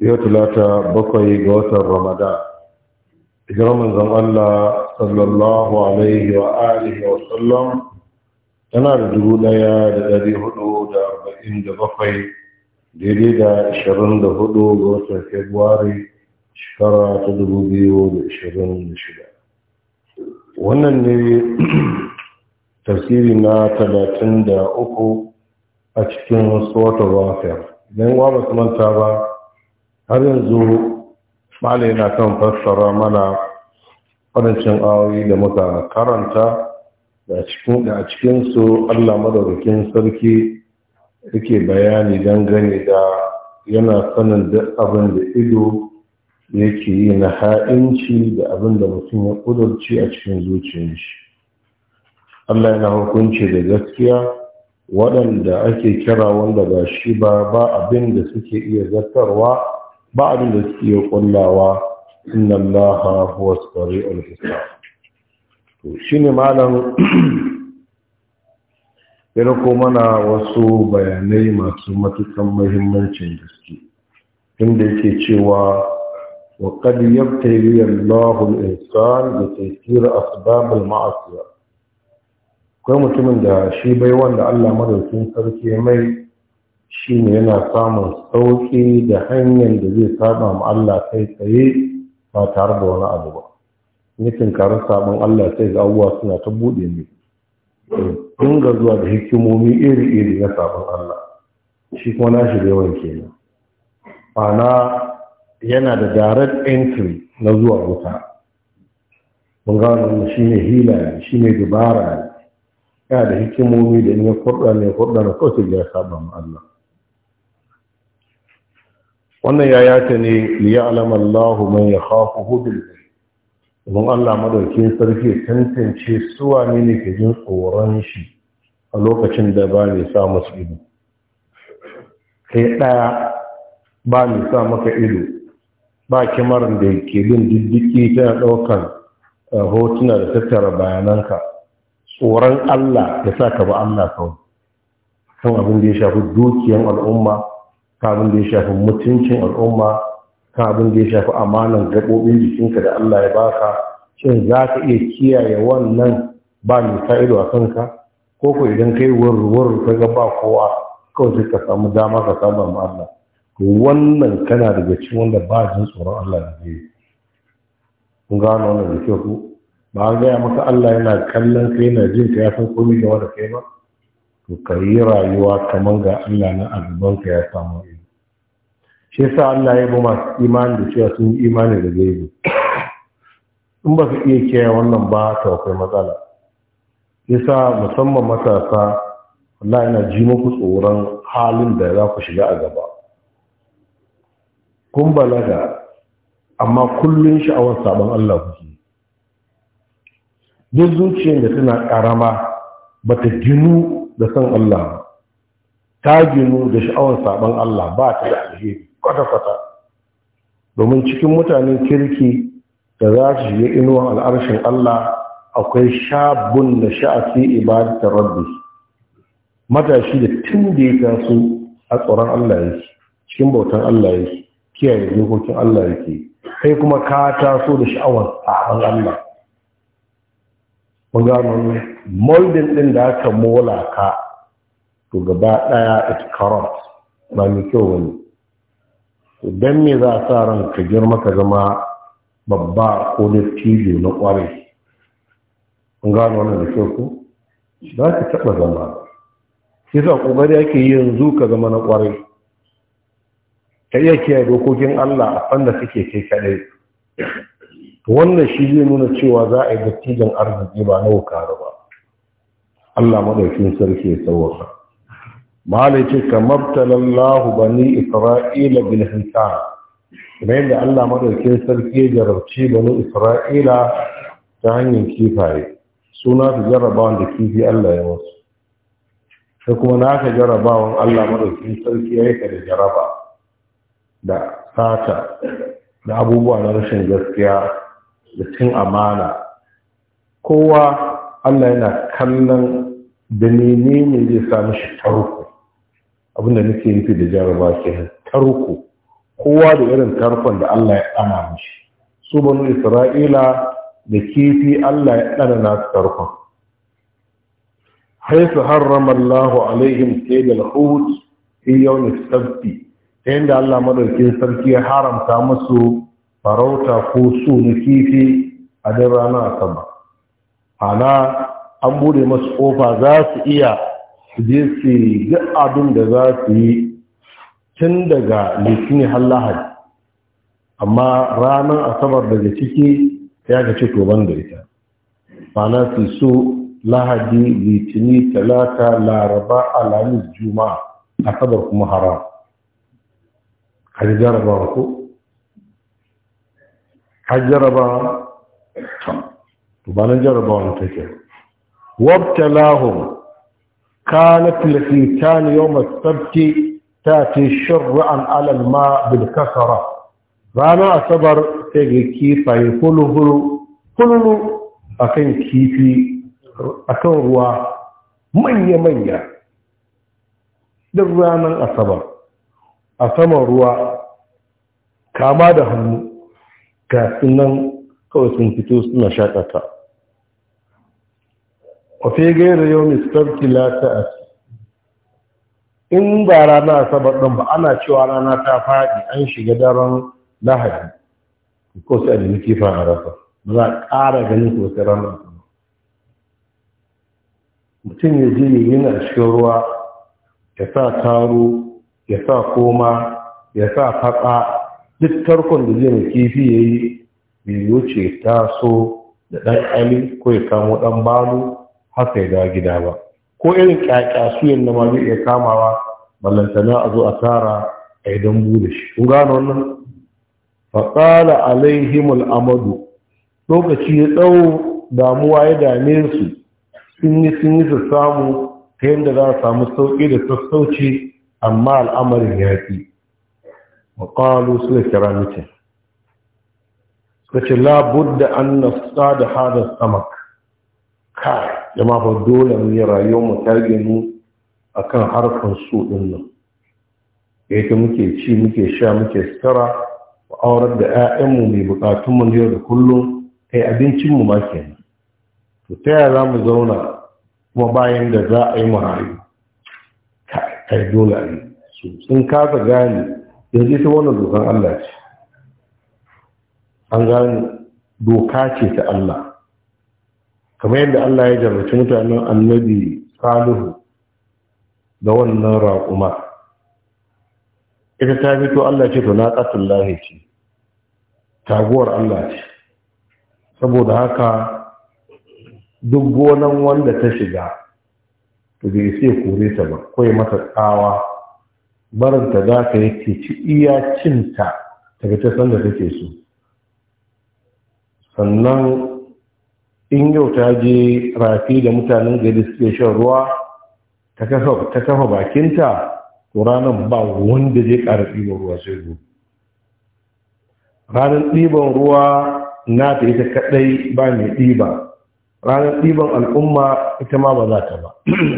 yau talata bakwai ga watan ramadan girman zan Allah sallallahu alaihi wa alihi wa sallam tana da dubu daya da dari hudu da arba'in da bakwai daidai da ashirin da hudu ga watan februari shekara ta dubu biyu da ashirin da shida wannan ne tafsiri na talatin da uku a cikin wasu wata wafiyar don wa ba su manta ba har yanzu mala na kan fassara mana waɗancan awoyi da muka karanta da a cikinsu allah madaukakin sarki yake bayani dangane da yana sanin duk abin da ido yake yi na ha'inci da abin da mutum ya kudurci a cikin zuciyar shi allah yana hukunci da gaskiya waɗanda ake kira wanda ba shi ba ba abin da suke iya zartarwa ba abin da suke iya kullawa inna allaha huwa sari'ul hisab to shine malam yana rako mana wasu bayanai masu matukan muhimmancin gaske inda yake cewa wa qad yabtali Allahu al-insan bi tsira asbab al akwai mutumin da shi bai wanda Allah madaukin sarki mai shi ne yana samun sauƙi da hanyar da zai saba ma Allah kai tsaye ba tare da wani abu ba nufin karin sabon Allah sai ga abubuwa suna ta buɗe ne ga zuwa da hikimomi iri-iri na sabon Allah shi kuma na shi yawan kenan ana yana da direct entry na zuwa wuta mun gano shi ne hila ne shi ne dubara ne ya da hikimomi da in ya kurɗa ne kurɗa na kawai ya saba ma Allah wannan ya yata ne liya alamallahu man ya khafu hudul domin Allah madaukin sarki tantance suwa ne ne ke jin tsoron shi a lokacin da ba ne sa masu ido kai ɗaya ba ne sa maka ido ba kimarin da ke bin diddiki tana ɗaukar eh, hotuna da tattara bayananka tsoron Allah ya sa ka ba Allah kawai kan abin da ya shafi dukiyan al'umma kan abin da ya shafi mutuncin al'umma kan abin da ya shafi amanan gaɓoɓin jikinka da Allah ya baka shin za ka iya kiyaye wannan ba mai fa'ido a kanka ko ko idan kai wurwur ka ga ba kowa kawai sai ka samu dama ka samu ma Allah wannan kana daga cikin wanda ba jin tsoron Allah da zai kun gano wannan da kyau ba gaya maka Allah yana kallon kai na jin ka ya san komai game da kai ba to ka yi rayuwa kamar ga Allah na a gabanka ya samu ilimi shi yasa Allah ya bi masu imani da cewa sun yi imani da gaibi in ba su iya kiyaye wannan ba to akwai matsala yasa musamman matasa Allah yana ji muku tsoron halin da za ku shiga a gaba kun balaga amma kullun sha'awar sabon Allah kuke duk zuciyar da tana karama ba ta ginu da san Allah ta ginu da sha'awar sabon Allah ba ta da alheri kwata-kwata domin cikin mutanen kirki da za su shiga inuwan al'arshin Allah akwai shabun da sha'afi ibadatar rabbi matashi da tun da ya taso a tsoron Allah yake cikin bautan Allah yake kiyaye dokokin Allah yake kai kuma ka taso da sha'awar sabon Allah mun gano moldin din da aka mola ka to gaba daya it current ba mai kyau wani dan me za a sa ran ka girma ka zama babba ko tijo na kwarai mun gano wannan da kyau ko za ka taɓa zama shi sa ƙoƙari ake yanzu ka zama na kwarai ka iya kiyaye dokokin Allah a fanda suke kai kaɗai wannan shi zai nuna cewa za a yi dattijan arziki ba na wukaru ba Allah madaukin sarki ya tsawaka malai ce ba ni isra'ila bin hinta kuma yadda Allah madaukin sarki ya jarabci bani isra'ila ta hanyar kifaye suna su jarabawan da kifi Allah ya wasu Ta kuma na ka jarabawan Allah madaukin sarki ya yi ka da jaraba da sata da abubuwa na rashin gaskiya da cin amana kowa Allah yana kallon da ne zai sa shi tarko abinda nake fi da jaraba kenan tarko kowa da irin tarkon da Allah ya ana mashi su banu Isra'ila da kifi Allah ya ana nasu tarkon haisu harrama Allah alaihim da hut fi yawm as ta yadda Allah madaukin sarki ya haramta musu farauta ko su na kifi a da rana a sama ana an bude masu kofa za su iya su je su duk abin da za su yi tun daga litinin har lahadi amma ranar asabar daga ciki ya ga ce toban da ita mana su so lahadi litini talata laraba alamis juma'a asabar kuma haram a jarabawa ko a jaraba to bana jaraba wani take wabta lahun kana filafi ta ne yau masu sabti ta ce shirru an alalma bilkasara ranar asabar ta ga kifa yi hulhulu hulhulu a kan kifi Akan ruwa manya-manya duk ranar asabar a ruwa kama da hannu ga sunan kawai sun fito suna shaƙata wafe gairar yau mistarki lata a in ba rana asabar ɗin ba ana cewa rana ta faɗi an shiga daren lahadi ko sai a nemi kifa a ba za a ƙara ganin sosai rana mutum ya je yana cikin ruwa ya sa taro ya sa koma ya sa faɗa. duk tarkon da zai mai kifi ya yi bai ta so da ɗan ali ko ya kamo ɗan balu haka ya dawo gida ba ko irin ƙyaƙya ƙyaƙyasuyan na ma zai iya kamawa ballantana a zo a tara a yi don da shi kun gano wannan faƙala alaihimul amadu lokaci ya tsawo damuwa ya dame su sun yi sun yi su samu ta yadda za a samu sauƙi da sassauci amma al'amarin ya fi وقالوا سوى كرامته kace la budda an nafsa da hada samak kai jama'a fa dole mu yi rayuwar mu tage mu akan harkan su din nan yake muke ci muke sha muke sara wa da ƴaƴan mu mai bukatun mu yau da kullum kai abincin mu ma kenan to ta zauna kuma bayan da za a yi mu rayu kai dole a yi sun kasa gane yanzu ta wannan dokan Allah ce an gane doka ce ta Allah kamar yadda Allah ya jarraci mutanen annabi salihu da wannan raƙuma ita ta fito Allah ce to na ƙasar lahi taguwar Allah ce saboda haka duk gonan wanda ta shiga to bai sai kore ta ba kawai mata tsawa baranta za ka yi ke ci iya cinta daga ta sanda take so sannan in yau ta je rafi da mutanen gari suke shan ruwa ta kafa bakinta ranar ba wanda zai ƙara ɗiban ruwa sai gobe ranar ɗiban ruwa na ta ita kaɗai ba mai ɗiba ranar ɗiban al'umma ita ma ba za ta ba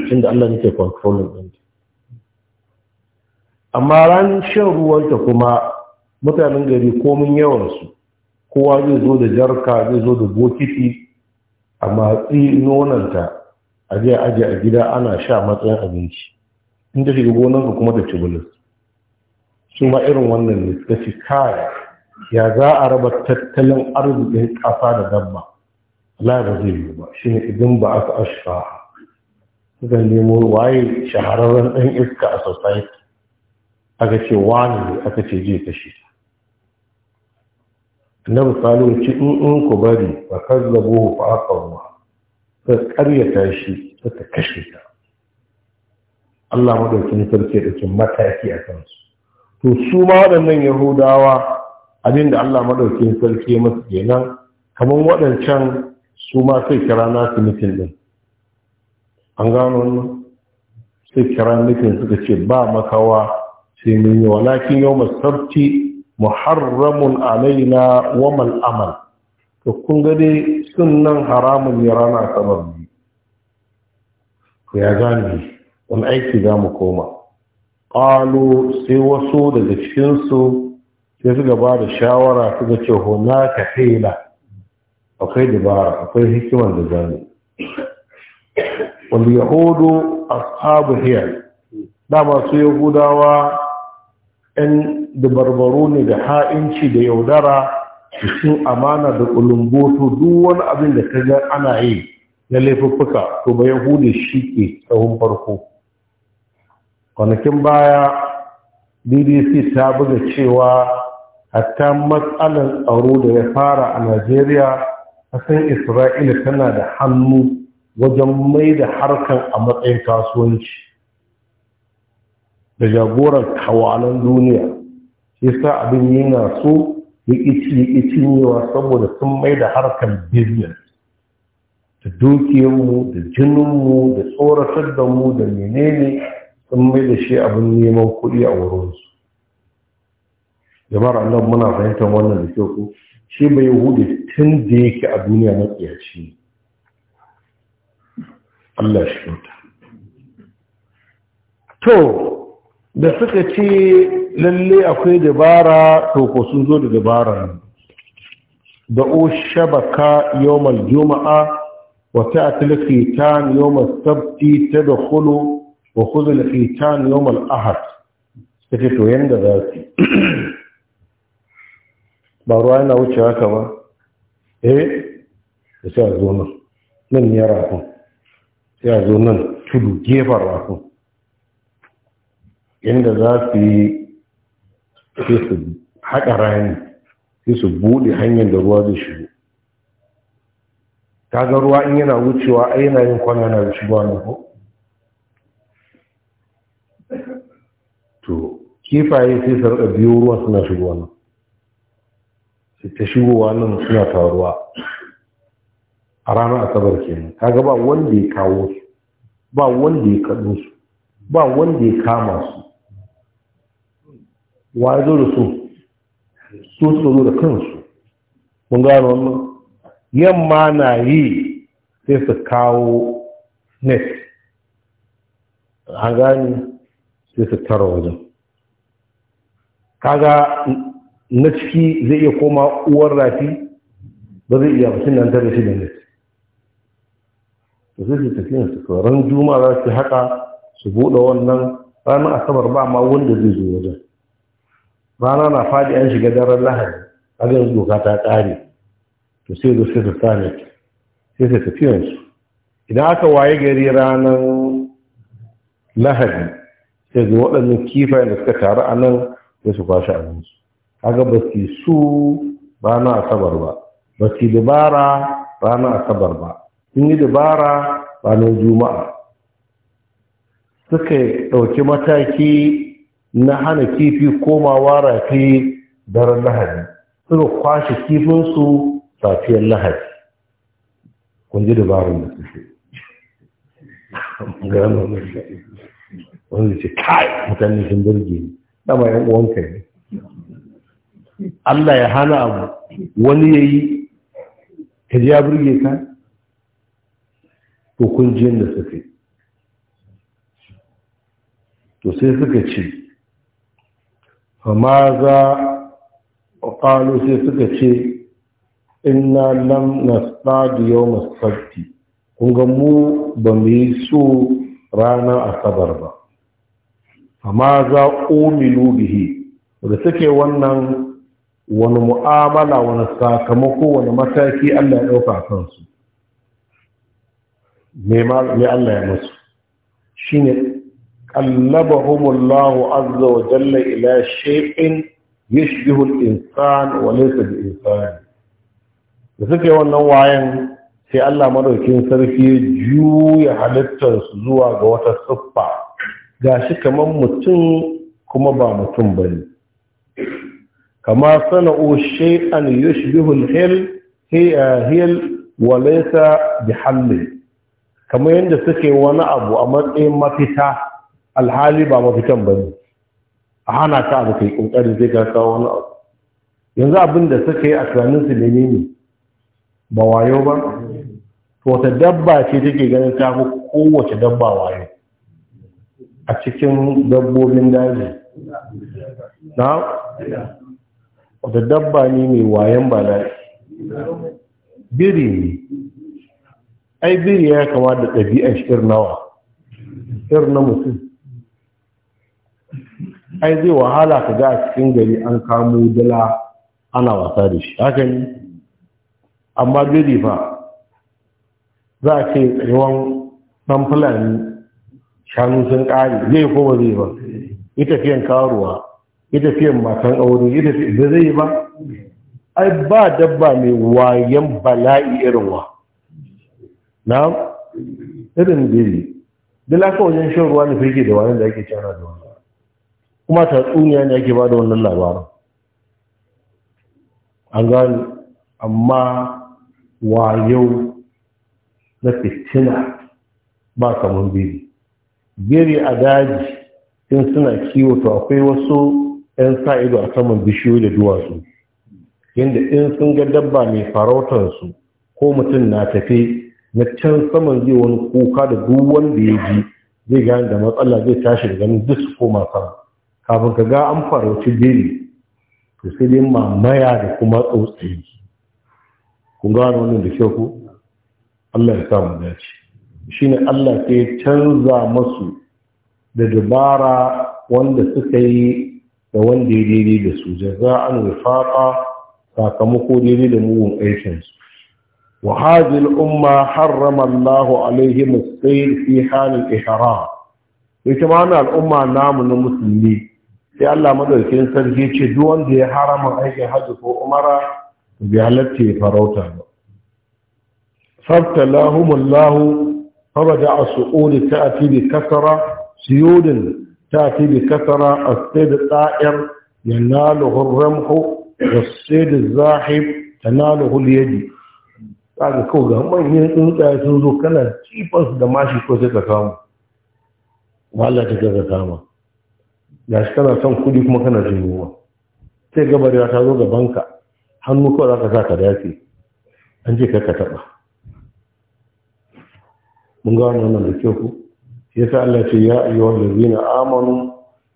cin da allah nake controlling amma ran shan ruwanta kuma mutanen gari komin yawansu kowa zai zo da jarka zai zo da bokiti a matsi nonanta a aje a gida ana sha matsayin abinci in ta shiga gonanka kuma da cibulus su ma irin wannan ne suka ci kaya ya za a raba tattalin arzikin ƙasa da dabba Allah ba zai yi ba shi ne idan ba aka ashfa sukan nemo waye shahararren ɗan iska a society aka ce wani ne aka ce je kashe annabi salihu ci in ku bari ba kazzabu fa aqamu sai karyata shi ta kashe ta Allah madaukin sarki da kin mataki a kansu to su ma waɗannan yahudawa abin da Allah madaukin sarki masu kenan kamar waɗancan su ma sai kira nasu mutum din an gano wannan sai kira mutum suka ce ba makawa sai mun yi walakin yau masarci muharramun alaina wa man amal to kun ga dai sunnan haramun ya rana sabar ne ya gane wani aiki za mu koma ƙalo sai wasu daga cikinsu sai suka ba da shawara suka ce hona ka hela akwai dabara akwai hikimar da zane wal yahudu abu hiyar dama su yahudawa Yan dabarbaro ne da ha'inci da yaudara cikin amana da ƙulumboto duk wani abin da ta ga ana yi na laifuffuka to ba yahudi shi ke tsawon farko kwanakin baya bbc ta buga cewa hatta matsalar tsaro da ya fara a najeriya kasan isra'ila tana da hannu wajen mai da harkar a matsayin kasuwanci da jagoran kawalan duniya shi sa abin yana so ya ƙici cinyewa saboda sun mai da harkar business da dukiyarmu da jininmu da tsoratar da mu da menene sun mai da shi abin neman kuɗi a wurinsu jama'ar nan muna fahimtar wannan da kyau shi bai hudu tun da yake a duniya na tsiyaci Allah shi kyauta to da suka ce lalle akwai dabara to ko sun zo da dabara da o shabaka yawmal juma'a wa ta'ti al-khitan yawm as-sabti tadkhulu wa khudh al-khitan yawm ahad suka to yanda za su ba ruwa yana wuce haka ba eh sai a zo nan nan ya rafu sai a zo nan tudu gefen rafu inda za su yi su haƙa rani sai su buɗe hanyar da ruwa zai shigo ta ga ruwa in yana wucewa a yana yin kwana na shigowa na ko to kifaye sai su rika biyo ruwa suna shigowa nan sai ta shigowa nan suna taruwa a ranar asabar kenan ta ga ba wanda ya kawo su ba wanda ya kaɗo su ba wanda ya kama su wa zo da su su suka da kansu mun gano wannan yamma na yi sai su kawo net an gani sai su tara wajen kaga na ciki zai iya koma uwar rafi ba zai iya mutum nan tare shi da net da su tafi su tsoron juma za su haka su buɗe wannan ranar asabar ba ma wanda zai zo wajen rana na faɗi an shiga daren lahadi a yanzu doka ta ƙare to sai zo sai su sami sai su tafiyansu idan aka waye gari ranar lahadi sai zo waɗannan kifayen da suka taru a nan sai su kwashe abinci kaga ba su su rana asabar ba ba su dubara rana asabar ba sun yi dubara ranar juma'a suka ɗauki mataki na hana kifi komawa rafi daren lahadi suka kwashe kifinsu safiyar lahadi kun ji dabarun da suke gano mai wanda ce kai mutane sun birge ne dama yan uwanka ne Allah ya hana abu wani ya yi ka ji ya birge ka to kun ji yadda suke to sai suka ce fama za za ƙalu sai suka ce inna lam nastadi yawm as-sabti kun mu ba mu yi so ranar asabar ba fama za umilu bihi da suke wannan wani mu'amala wani sakamako wani mataki Allah ya ɗauka kansu me Allah ya musu shine qallabahumullahu azza wa jalla ila shay'in yashbihu al-insan wa bi-insan da suke wannan wayan sai Allah madaukin sarki ya juya halittar su zuwa ga wata siffa gashi kaman mutum kuma ba mutum bane kama sana'u shay'an yushbihu al-hil hiya hil wa laysa bi kamar yadda suke wani abu a matsayin mafita alhali ba mafitan ba ne a hana ka abu kai kokarin zai ga kawo wani abu yanzu abin da suka yi a tunaninsu ne ne ba wayo ba To wata dabba ce take ganin ta fi kowace dabba wayo a cikin dabbobin daji na wata dabba ne mai wayan ba da biri ne ai biri ya kama da ɗabi'ar shirnawa na mutum ai zai wahala ka ga a cikin gari an kamo dala ana wasa da shi haka ne amma gari fa za a ce tsayuwan ɗan fulani shanu sun ƙari zai ko ba zai ba ita tafiyan karuwa ita tafiyan matan aure ita fiyan da zai ba ai ba dabba mai wayan bala'i irin wa na irin gari dala ka wajen shan ruwa da fake da wani da ake cana da wani kuma tatsuniya ne ake ba da wannan labarin an gani amma wayo na fitina ba kamar biri biri a daji in suna kiwo to akwai wasu 'yan sa'ido a saman bishiyoyi da duwatsu yadda in sun ga dabba mai farautarsu ko mutum na tafi na can saman zai wani kuka da duk wanda ya ji zai gane da matsala zai tashi da ganin duk su koma sama kafin ka ga an farauci biri to sai dai mamaya da kuma tsotsi kun gano wannan da kyau ko Allah ya samu dace shine Allah ke canza masu da dabara wanda suka yi da wanda ya daidai da su jaza'an wifaqa sakamako daidai da mugun aikinsu وهذه الأمة alaihi الله عليهم السير في حال الإحرام يتمعنا الأمة نام musulmi sai Allah madaukin sarki ce duk wanda ya harama aikin hajji ko umara bi halatti farauta ba sabtallahu mullahu fabada as-su'ud ta'ti bi kasra suyudin ta'ti bi kasra as-sayd ta'ir yanaluhu ar-ramhu was-sayd az-zahib tanaluhu al-yad kaga ko ga manyan tsuntsaye sun zo kana cifas da mashi ko sai kama wallahi ta kama ga shi kana son kudi kuma kana jin yunwa sai gabarewa ta zo ga banka. hannu kawai za ka sa ka dace an ce ka taɓa mun ga wannan da kyau ku Ya sa Allah ce ya ayyuhal ladzina amanu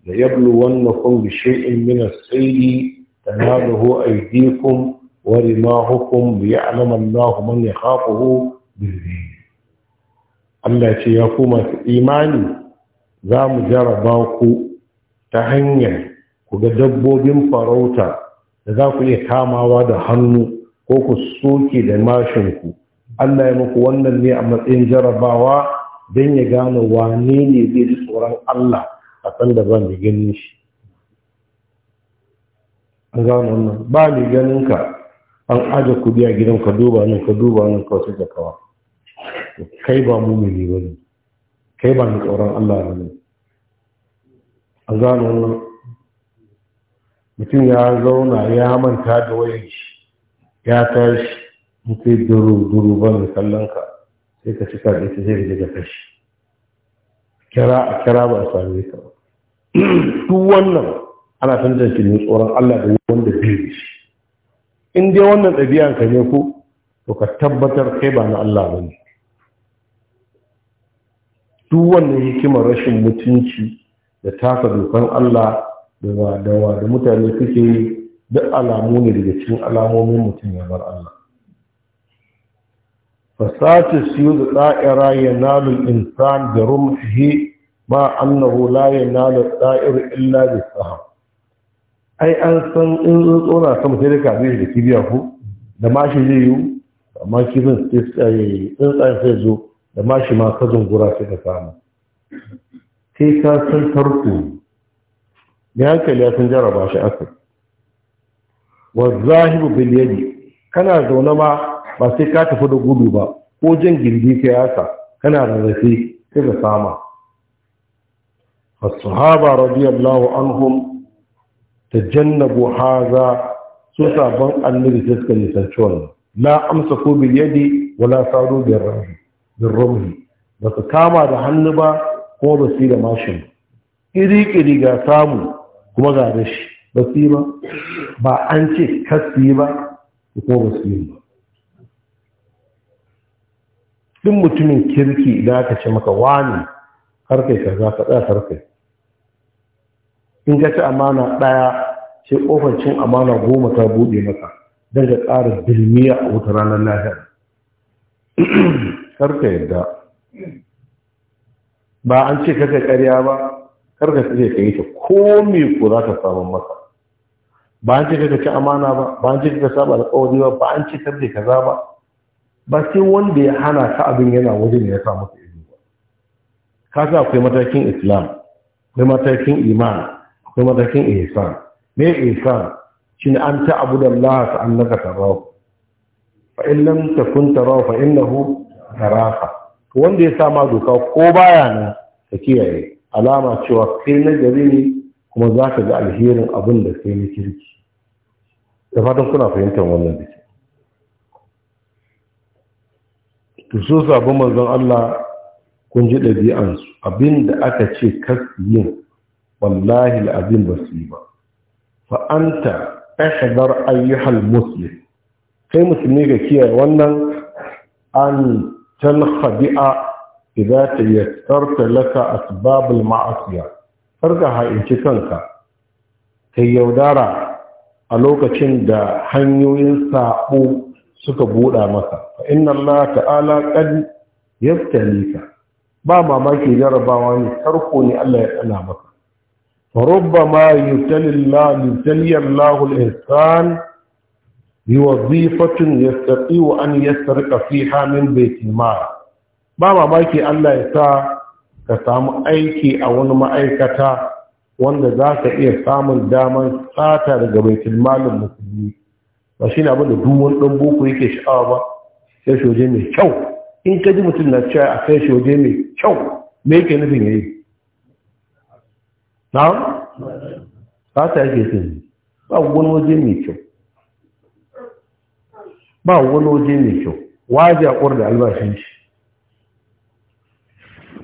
la yabluwannakum bi shay'in min as-sayyi tanabahu aydikum wa rimahukum bi ya'lamu Allahu man yakhafuhu bi Allah ce ya ku masu imani za mu jaraba ku ta hanyar ku ga dabbobin farauta da za ku iya kamawa da hannu ko ku soke da mashinku Allah ya muku wannan ne a matsayin jarabawa don ya gane wane ne zai ji tsoron Allah a san da ba mai ganin shi an gano wannan ba mai ganin ka an aje ku a gidan ka duba nan ka duba nan ka wasu da kawa kai ba ne ba ne kai ba mai tsoron Allah ne a zamanin mutum ya zauna ya manta da wayan shi ya tashi mutum duru duru ba mai kallon ka sai ka cika da ita zai daga kashi kira a kira ba a sami ka ba. duk wannan ana tantance ne tsoron Allah da wanda bai shi in dai wannan ɗabi'an ka ne ko to ka tabbatar kai ba na Allah ba ne duk wannan hikimar rashin mutunci da taka dokan Allah da wa da mutane suke yi duk alamu ne daga cikin alamomin mutum ya bar Allah su yi tsa'ira ya nalu insan bi rumhi ma annahu la nalu da'ir illa da sahab ai an san in tsora sama sai da kabe da kibiya ko da mashi zai yi amma kibin eh, tsaye sai zo da mashi ma ka gura sai ka samu sai ka san tarko da hankali ya san jaraba shi aka wa zahibu bil yadi kana zaune ma ba sai ka tafi da gudu ba ko jin gindi ka yasa kana zafi sai ka sama as-sahaba radiyallahu anhum tajannabu hadha su sabon annabi sai suka nisanci wannan la amsa ko bil yadi wala saru bil rahi bil rumhi ba su kama da hannu ba Ko ba da mashin iri-iri ga samu kuma ga rashi Basi ba ba an ce kasi ba kuma ba ba ɗin mutumin kirki idan aka ce maka wani harkai ka za ka tsaya harkai in ka ci amana ɗaya ce ƙofar amana goma ta buɗe maka don ka ƙara bilmiya a wuta ranar lahiyar karka yadda ba an ce kaka karya ba karka ce ka yi ta ko me ko za ka samu masa ba an ce kaka ci amana ba ba an ce kaka saba alƙawari ba ba an ce karka kaza ba ba sai wanda ya hana ka abin yana wajen ya samu ka ido ba ka sa akwai matakin islam akwai matakin iman akwai matakin ihsan me ihsan shine an ta abu da Allah ta annaka tarahu fa in lam takun tarahu fa innahu tarafa wanda ya sama doka ko baya nan ka kiyaye alama cewa kai na gari ne kuma za ka ga alherin abin da kai na kirki da fatan kuna fahimtar wannan da to so sabon manzon Allah kun ji ɗabi'ansu abin da aka ce kasu yin wallahi abin ba su yi ba fa'anta ɗashadar ayyuhal muslim kai musulmi ga kiyaye wannan an talhabi'a idza tayassarta laka asbabul ma'asiya farka ha'inci kanka kai yaudara a lokacin da hanyoyin sabo suka buɗa maka fa inna Allah ta'ala qad yaftalika ba mamaki jarabawa ne tarko ne Allah ya tsana maka فربما يبتلي الله يبتلي الله الإنسان biwazifatun yastati'u an yastarqa fiha min baitil mal ba mamaki Allah ya sa ka samu aiki a wani ma'aikata wanda za ka iya samun damar sata daga baitul malin musulmi ba shi na bada duk wani ɗan boko yake sha'awa ba sai shoje mai kyau in ka ji mutum na cewa a sai shoje mai kyau me yake nufin yayi na sata yake sun ba wani waje mai kyau ba wani waje mai kyau waje a ƙwar da albashin shi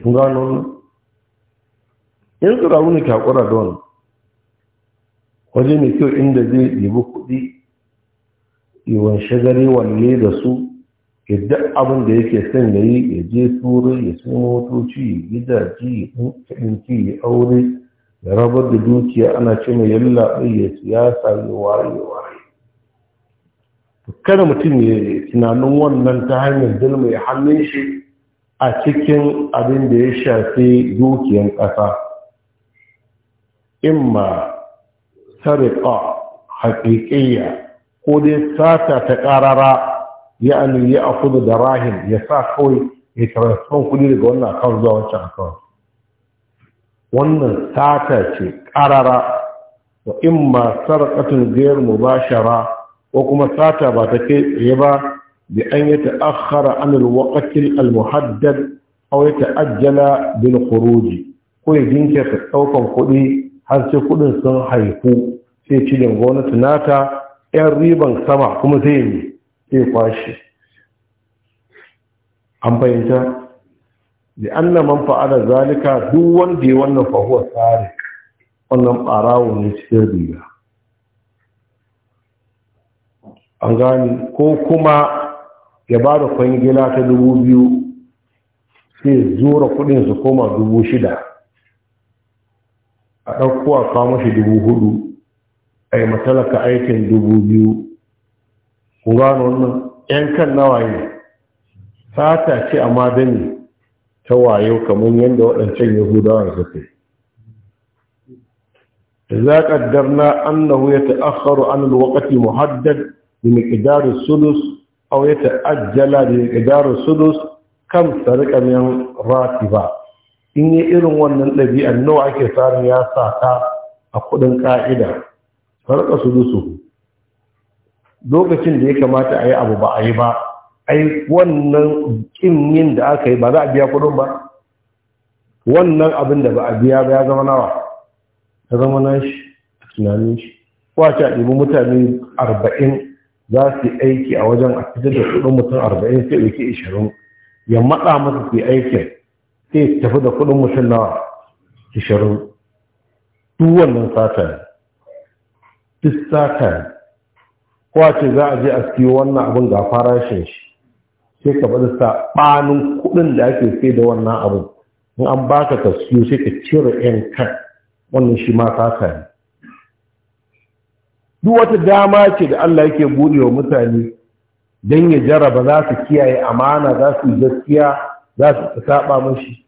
gano wannan in tsiraru ne ke haƙura da wannan waje mai kyau inda zai ɗibi kuɗi iwan shagari walle da su ya duk abin da yake son ya yi ya je turai ya sun motoci gidaji ɗinki ya aure ya rabar da dukiya ana ce mai yallaɓai ya siyasa ya wayewa kada mutum ya tunanin wannan ta hanyar mai hannun shi a cikin abin da ya shafi dukiyar ƙasa In tare sariƙa haƙiƙiyya ko dai sata ta ƙarara ya anu ya Kudu da rahim ya sa kawai ya transfer kudi daga wannan akawun zuwa wancan akawun wannan sata ce ƙarara wa imma sariƙatun gayar mubashara ko kuma sata ba ta kai tsaye ba bi an yi ta'akhara an alwaqatil almuhaddad aw ya ta'ajjala bil khuruj ko ya jinkirta daukan kuɗi har sai kuɗin sun haihu sai cilin gwamnati nata yan riban sama kuma zai yi sai kwashi an fahimta da an na man fa'ada zalika duk wanda ya wannan fahuwar tsari wannan ɓarawo ne cikin riga an gani ko kuma ya ba da kwangila ta dubu biyu sai zura kudin su koma dubu shida a ɗauko a kawo shi dubu hudu a yi matalaka aikin dubu biyu ku gano wannan yan kan waye? sata ce a madani ta wayo kamar yadda waɗancan yahudawa suka yi na قدرنا ya يتأخر an lokaci muhaddad. bi miqdari sudus aw yata'ajjala bi miqdari sudus kam sarqa min ratiba in yi irin wannan ɗabi'an nawa ake tsarin ya sa ta a kuɗin ƙa'ida sarƙa su lokacin da ya kamata a yi abu ba a yi ba ai wannan ƙin yin da aka yi ba za a biya kuɗin ba wannan abin da ba a biya ba ya zama nawa ya zama nan shi a tunanin shi kwace a ɗibi mutane arba'in za su yi aiki a wajen a fitar da kuɗin mutum arba'in sai wuce ishirin ya matsa masa su aikin sai tafi da kuɗin mutum na ishirin duk wannan sata ne duk sata ne kowace za a je a siyo wannan abin ga farashin shi sai ka sa saɓanin kuɗin da ake sai da wannan abin in an baka ka siyo sai ka cire 'yan kan wannan shi ma sata ne duk wata dama ce da Allah yake buɗe wa mutane don ya jaraba za su kiyaye amana za su gaskiya za su saba mashi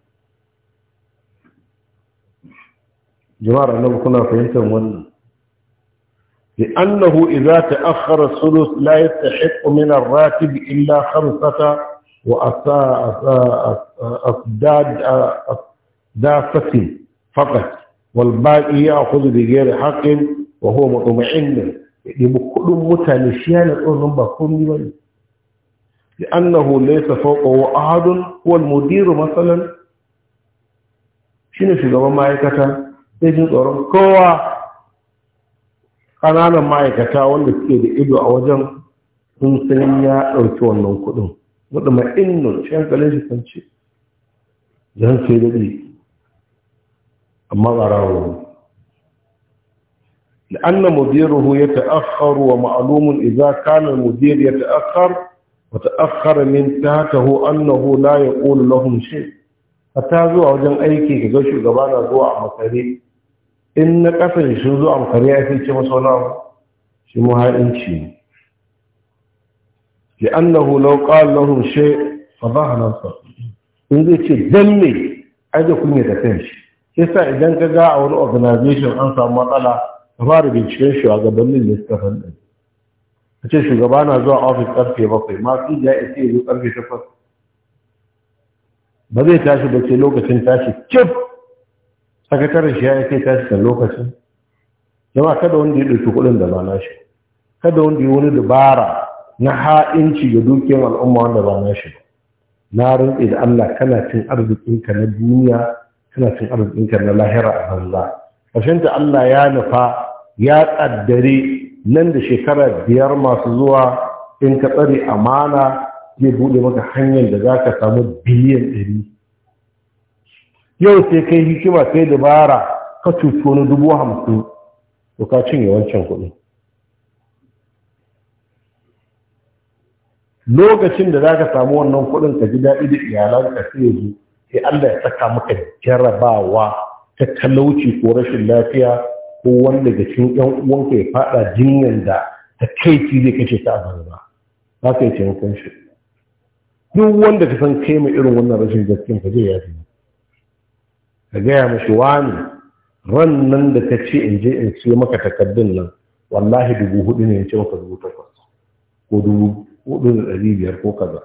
jama'ar annabi kuna fahimtar wannan لأنه إذا تأخر الثلث لا يستحق من الراتب إلا خمسة وأصداد دافة فقط والباقي يأخذ بغير حق wa huwa mutuma'innin ya ɗibi kuɗin mutane shi ya natsuwa ba komai ba ne Annahu fawqa wa ahadun huwa al المدير masalan shine shugaban ma'aikata sai jin tsoron kowa ƙananan ma'aikata wanda suke da ido a wajen sun san ya ɗauki wannan kuɗin wadda shi an shi shi kan ce jan sai daɗi amma ba rawa لأن مديره يتأخر ومعلوم إذا كان المدير يتأخر وتأخر من تحته أنه لا يقول لهم شيء hatta zuwa wajen aiki ka shugaba na zuwa a in na ƙasa zuwa a ya fi ce masa wani abu shi muha'inci ne li annahu law qala lahum shay fa dhahara sa in zai ce dan me aje kunya da idan ka ga a wani organization an samu matsala ka fara binciken shugabannin da suka fanɗin a ce shugaba na zuwa ofis karfe bakwai masu ya isa yanzu karfe takwas ba zai tashi ba ce lokacin tashi cif sakataren shi ya kai tashi kan lokacin jama'a kada wanda ya ɗauki kuɗin da ba nashi kada wanda ya wani dabara na ha'inci ga dukiyar al'umma wanda ba nashi ba na rinƙe da Allah kana cin arzikinka na duniya kana cin arzikinka na lahira a banza ƙashinta Allah ya nufa ya ƙaddare nan da shekara biyar masu zuwa in ka tsare amana zai buɗe maka hanyar da za ka samu biliyan ɗari yau sai kai hikima kai dabara ka cuto na dubu hamsin to ka cinye wancan kuɗi lokacin da za ka samu wannan kuɗin ka ji daɗi da iyalanka sai ya zo sai Allah ya saka maka jarabawa ta talauci ko rashin lafiya ko wanda daga cikin uwan uwanka ya fada jinyar da ta kai zai kashe ta a banza za ka yi taimakon shi duk wanda ka san kai mai irin wannan rashin gaskiya ka zai yafi ka gaya mashi wani ran nan da ka ce in je in ce maka takardun nan wallahi dubu hudu ne ya ce maka dubu takwas ko dubu hudu da dari biyar ko kaza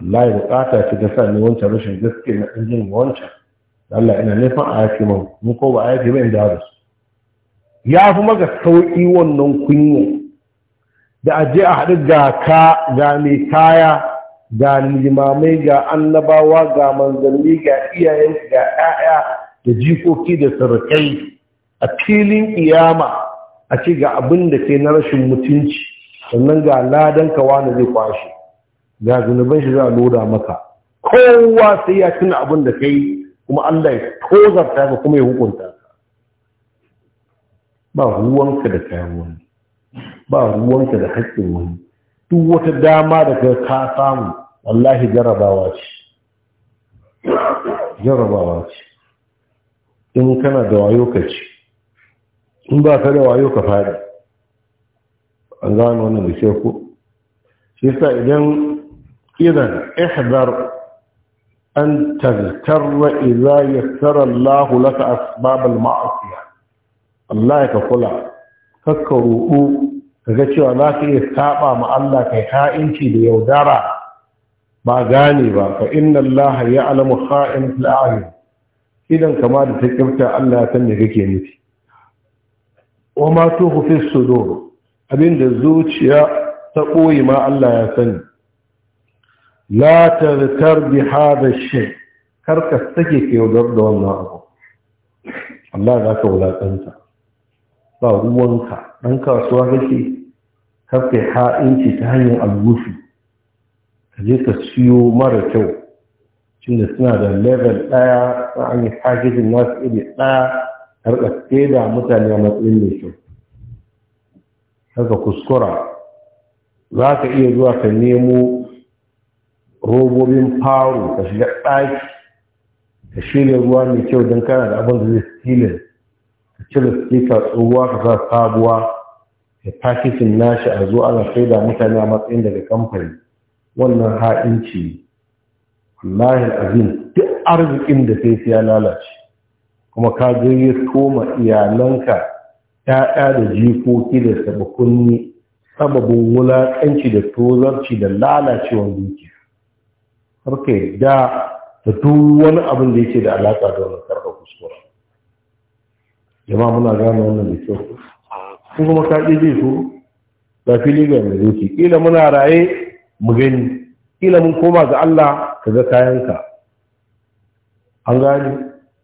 wallahi bukata ce ta sa ne wancan rashin gaskiya na ɗan jin wancan Allah ina nufin a yafi man mu ko ba a yafi ba in da ya fi maka sauƙi wannan kunya da aje a haɗu ga ka ga mai kaya ga limamai ga annabawa ga manzanni ga iyayen ga 'ya'ya da jikoki da sarkai a filin iyama a ce ga abin da ke na rashin mutunci sannan ga ladan ka wani zai kwashe ga zunuban shi za a loda maka kowa sai ya tuna abin da kai kuma Allah ya tozarta ka kuma ya hukunta ka ba ruwanka da kayan wani ba ruwanka da haƙƙin wani duk wata dama da ka samu wallahi jarabawa ce jarabawa ce in kana da wayo ka ce in ba ka da wayo ka fada an gano wannan da ke ko shi sa idan idan ihdar an tartarra idza yassara Allah laka asbabal ma'asiya Allah ya kula kakka ruɗu kaga cewa za ka iya saɓa ma Allah kai ha'inci da yaudara ba gane ba fa inna Allah ya'lamu kha'inatul a'yun idan kama da ta kifta Allah ya san me kake nufi wa ma tuhu fi sudur abinda zuciya ta ɓoye ma Allah ya sani la tartar bi hada shay kar ka sake ke yaudar da wannan abu Allah za ka wulaƙanta ba ruwanka ɗan kasuwa kake kar ka ha'inci ta hanyar algufi ka je ka siyo mara kyau tunda suna da level ɗaya na an yi nasu iri ɗaya harka da mutane a matsayin mai kyau haka kuskura za ka iya zuwa ka nemo robobin faro ka shiga ɗaki ka shirya ruwa mai kyau don kana da abin da zai stilin ka cire stika tsohuwa ka sa sabuwa da pakitin nashi a zo ana da mutane a matsayin daga kamfani wannan ha'inci wallahi azim duk arzikin da sai ya lalace kuma ka ya koma iyalanka ‘ya'ya da jikoki da sabakunni sababin wulaƙanci da tozarci da lalacewar dukiya karka da da duk wani abin da yake da alaka da wannan karɓar kuskura jama'a muna gane wannan da kyau ko kuma ka ɗi zai so ga fili ga mai zuci ƙila muna raye mu gani ƙila mun koma ga Allah ka ga kayanka an gane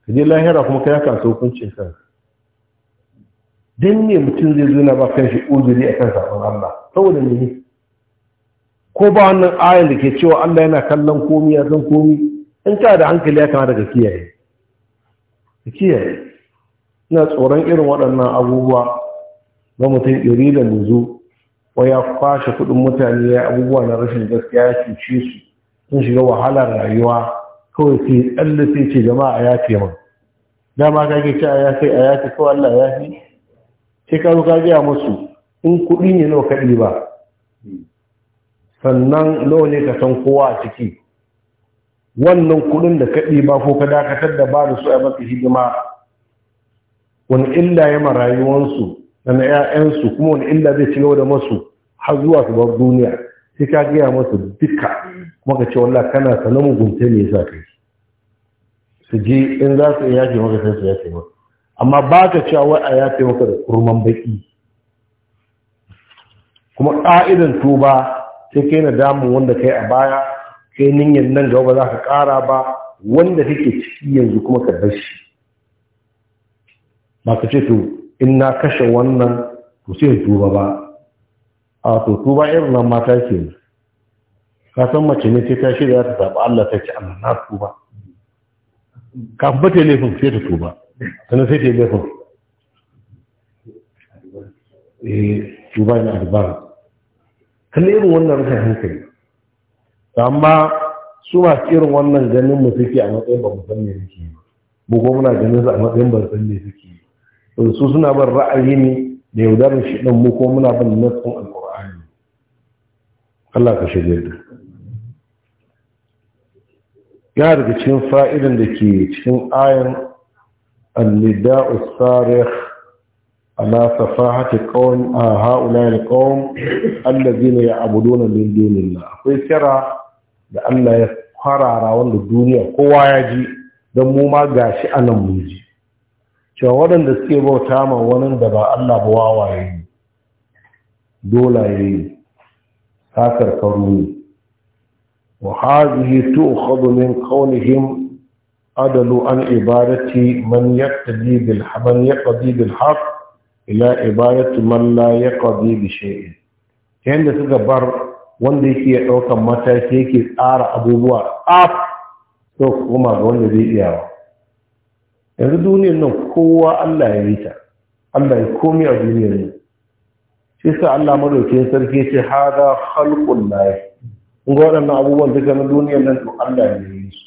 ka je lahira kuma ka yaka so hukuncin kanka dan ne mutum zai zo na ba kan shi uzuri akan sabon Allah saboda ne ko ba wannan ayin da ke cewa Allah yana kallon komi ya san komi in ka da hankali ya kama daga kiyaye ka kiyaye ina tsoron irin waɗannan abubuwa na mutum iri da muzu wa ya kwashe kuɗin mutane ya abubuwa na rashin gaskiya ya cuce su sun shiga wahalar rayuwa kawai sai tsalle sai ce jama'a ya ce man dama ka ke ce a ya a ya ce kawai Allah ya fi sai ka zo ka gaya musu in kuɗi ne nawa kaɗi ba sannan nawa ne ka san kowa a ciki wannan kudin da kaɗi ba ko ka dakatar da ba da su a mafi hidima wani illa ya marayuwansu da na 'ya'yansu kuma wani illa zai ci gaba da masu har zuwa su bar duniya sai ka gaya masu duka kuma ce wallah kana sana mugunta ne sa kai su je in za su yafe maka sai su maka amma ba ka cewa wai a yafe maka da kurman baki kuma ƙa'idan tuba sai kai damun wanda kai a baya kai ninyan nan gaba ba za ka kara ba wanda kake ciki yanzu kuma ka bar shi ba ka ce to in na kashe wannan to sai tuba ba a to tuba irin nan mata ke ka san mace ne sai ta shirya ta zaɓi Allah ta ce Allah na tuba kafin ba ta yi laifin sai ta tuba sannan sai ta yi laifin eh tuba ne albara irin wannan rashin hankali amma su masu irin wannan ganin mu suke a matsayin ba san suke yi ko muna ganin su a matsayin ba san me suke yi su suna ban ra'ayi ne da yaudarar shi ɗin mu ko muna bin nassin alƙur'ani Allah ka shirya da ya daga cikin fa'idan da ke cikin ayan annida'u sarih على صفاحة قوم هؤلاء القوم الذين يعبدون من دون الله akwai kira da Allah ya farara wanda duniya kowa ya ji don mu ma gashi anan mun ji cewa waɗanda suke bauta ma wani da ba Allah ba wawaye ne dolaye ne sakar faru ne wa hazihi tu'khadhu min qawlihim عدلوا عن عبادة من يقتدي بالحق ila ibadatu man la yaqdi bi shay'in yanda suka bar wanda yake daukan mataki yake tsara abubuwa af to kuma ga wanda zai iya ba yanzu duniyar nan kowa Allah ya yi ta Allah ya komai a duniyar nan shi sa Allah madaukakin sarki ce hada khalqul lahi in ga na abubuwan duka na duniyar nan to Allah ya yi su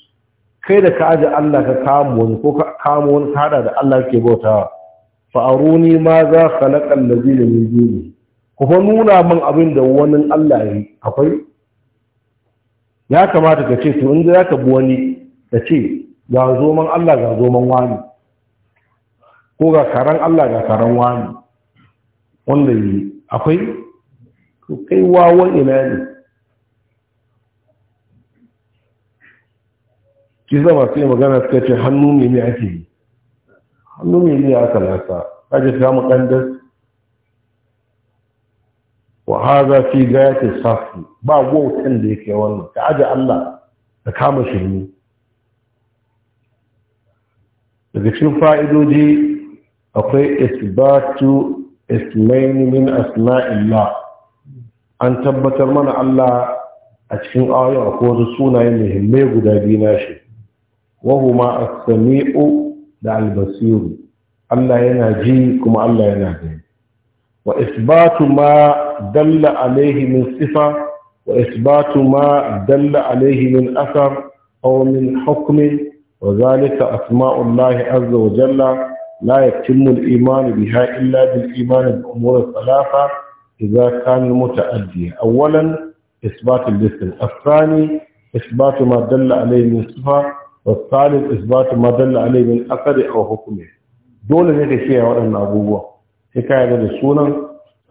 kai da ka aje Allah ka kamo wani ko ka kamo wani hada da Allah ke bautawa fa'aruni ma za khalaqal ladina min duni ku fa nuna min abin da wani Allah yi akwai ya kamata ka ce to inda za ka bi wani ka ce ga zoman Allah ga zoman wani ko ga karan Allah ga karan wani wanda yi akwai to kai wawan ina ne ki zama sai magana suka ce hannu ne ne ake yi hannu mai zai aka lasa kaji ta muƙandas wa haza fi gayatin safi ba wautan da yake wannan ka aji Allah da kama shirmi daga cikin fa'idoji akwai isbatu ismaini min asma'illah an tabbatar mana Allah a cikin ayoyi akwai wasu sunayen muhimmai guda biyu na shi wahuma as-sami'u da albasiru Allah yana ji kuma Allah yana gani wa isbatu ma dalla alaihi min sifa wa isbatu ma dalla alaihi min asar aw min hukmin wa zalika asma'ullahi azza wa jalla la yatimmu al-iman biha illa bil iman bi umur al-thalatha idha kana mutaaddiya awwalan isbatu al-ism الثاني إثبات ما دل عليه من والثالث isbatu ما دل عليه من أثر أو dole ne ka kiyaye waɗannan abubuwa sai ka yi da sunan